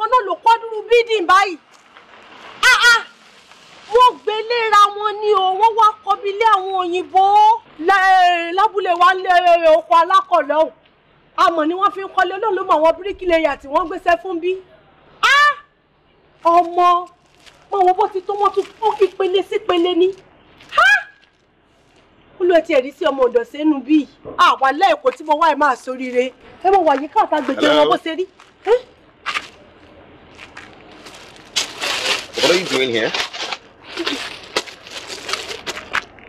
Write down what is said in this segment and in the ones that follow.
kan náà ló kọ́ dúró bídìn báyìí ah, ah. wọ́n gbé léra wọn ni o wọ́n wá kọbi lé àwọn òyìnbó eh, lábúlé wa lé eh, oko alákọ̀ọ́lọ́ o amọ̀ ni wọ́n fi ń kọ́lé olóhùn ló mọ̀ àwọn bíríkìlẹ̀yà tí wọ́n gbéṣẹ́ fún bí. Ah! ọmọ mọ wọn bó ti tó wọn tún ó kí pele sí pele ni ó lọ ti ẹ̀rí sí ọmọ ọ̀dọ̀ sẹ́nu bíi àwa lẹ́ẹ̀kọ́ tí mo wá ẹ̀ máa soríire ẹ mọ̀ wàyí káàtà gbèjẹ́ wọn bó ṣe rí. What are you doing here?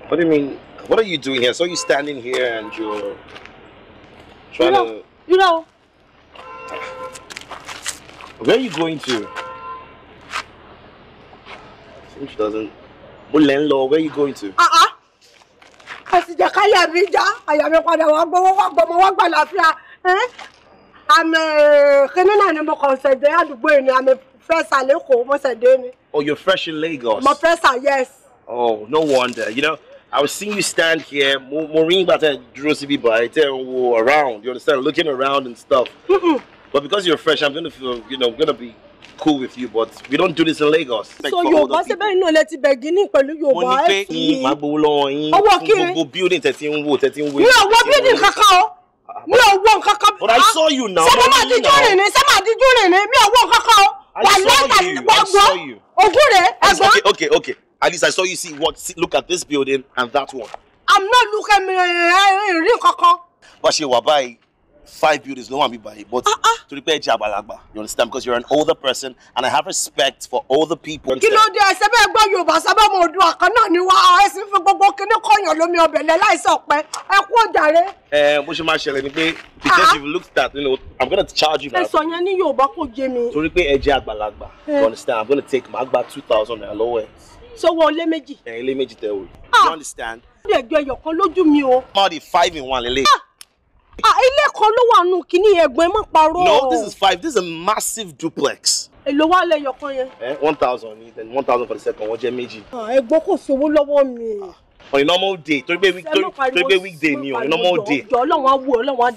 What do you mean? What are you doing here? So you're standing here and you're trying you know, to. You know. Where are you going to? Since she doesn't. Mulenlo, where are you going to? Uh uh-uh. uh. Àsìjà káyà mi já, àyà mi padà wá gbowó wá gbọmọ wá gbà láfíà. Àmì eh, kínní náà ni mo kàn presser lẹ́kọ̀ọ́ mo dé ni. oh you're fresh in Lagos. mo presser yes. oh no wonder you know I was seeing you stand here mo mo rí ìgbà tẹ́ dúró síbí báyìí tẹ́ wo around you understand looking around and stuff. but because you're fresh I'm gonna feel you know gonna be cool with you but we don't do this in Lagos. so Yorùbá ṣe bẹ́ẹ̀ náà lẹ ti bẹ̀gínì pẹ̀lú Yorùbá ẹ̀ fi. mo ní pé yín máa lọ́wọ́ yín fún gbogbo building tẹ̀ ti ń wò tẹ̀ ń wò. mi ò wọ building kankan o mi ò wọ nǹkan but I saw you now. sẹ́mi máa díjú rìn ní sẹ́mi máa díjú rìn ní mi ò wọ nǹkan o wà lẹ́yìn gbogbo ògúnrẹ́ ẹ̀gbọ́n. okay okay at least i saw you see what see, look at this building and that one. i'm not looking eh, eh, eh, rí kankan. bá a ṣe wà báyìí five buildings no one be by but ah, ah. to repair ẹ àgbàlagbà you understand because you're an older person and i have respect for older people. kí ló dé ẹsẹ bẹẹ gbọ́ yorùbá sábà mọ odò àkànnà ni wá ọ̀rọ̀ lómi ọbẹ̀ lẹ láìsàn pẹ́ ẹ kú ọ̀dàrẹ́. ẹ bó ṣe máa ṣẹlẹ̀ ni pé because ah. you look that you know i'm gonna charge you. ẹ sọ yẹn ní Yorùbá kò jẹ mi. torí pé ẹ jẹ àgbàlagbà eh. you understand i'm gonna take màá two thousand naira lọ́wọ́ ẹ. sọwọ́ ilé méjì. ẹ ilé méjì tẹ o ah. you understand. ó lè jọ ẹyọ kan lójú mi o. má di five in one lélẹ̀. Ah. ilé kan ló wà nù kíní ẹ̀gbọ́n ẹ má parọ́. no this is five this is a massive duplex èlò wà lẹ́yọ̀kan yẹn. Eh, one thousand ni then one thousand for the second wọ́n jẹ́ méjì. ẹ̀gbọ́n kò sówó lọ́wọ́ mi on a normal day torí pé week torí pé weekday ni on a normal day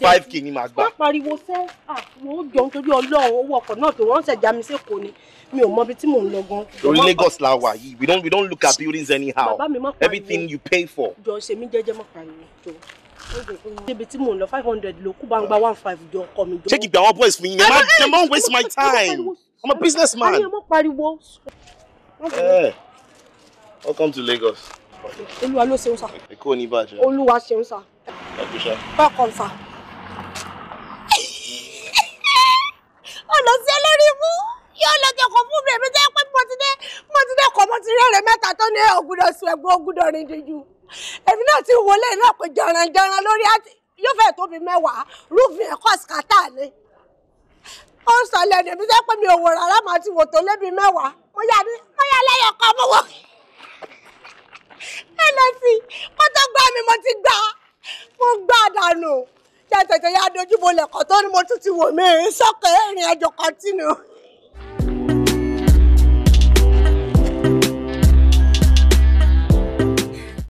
five k ni màá gbà. wọ́n pariwo sẹ́ ah, àwọn jọ nítorí ọlọ́run owó ọkọ̀ náà tó wọ́n ṣẹ̀ já mi sẹ́kọ̀ọ́ ni mi ò mọ ibi tí mò ń lọ gan. torí Lagos la wà yìí we don't we don't look at buildings anyhow everything you pay for. jọ ṣe mí jẹ́jẹ́ mọ́ pariwo tó níbi tí mò ń lọ five hundred ló kú gbangba one five jọ ọkọ mi. ṣé kì í àwọn boys fún yín ẹ má waste my time i'm a business man. ayé mo pariwo. Eh, welcome to Lagos olúwa ló ṣeun sà. èkó ò ní bàjẹ́. olúwa ṣeun sà. ẹ̀kú sá. bákan sà. ọ̀nà sí olórí mú yóò lọ jẹ́ kó fún bèbí jẹ́ pé mo ti dé mo ti dé kọ́ mo ti rẹ́rẹ̀ mẹ́ta tó ní ọ̀gùdọ̀ sùn ẹ̀gbọ́n ọ̀gùdọ̀ rìn díjú èmi náà ti wọlé náà pé jẹranjẹran lórí àti yóò fẹ́ tóbi mẹ́wàá rúfin ẹ̀kọ́ àsìkàtà ni ó sọlẹ̀ ẹ̀dẹ̀ bí sẹ́pẹ́ mi ò wò rárá màá ti wò tó lébi mẹ́wàá mo yà ní mo yà lẹ́yọ̀ kan mo wọ̀ bẹ́ẹ̀ lọ sí kó tó gbá mi mo ti gbà mo gbà dànù jẹ́ yá dojú bolẹ̀ kọ́ tó ni mo tún ti wò mí sọ́kẹ́ ìrìn àjò kan tì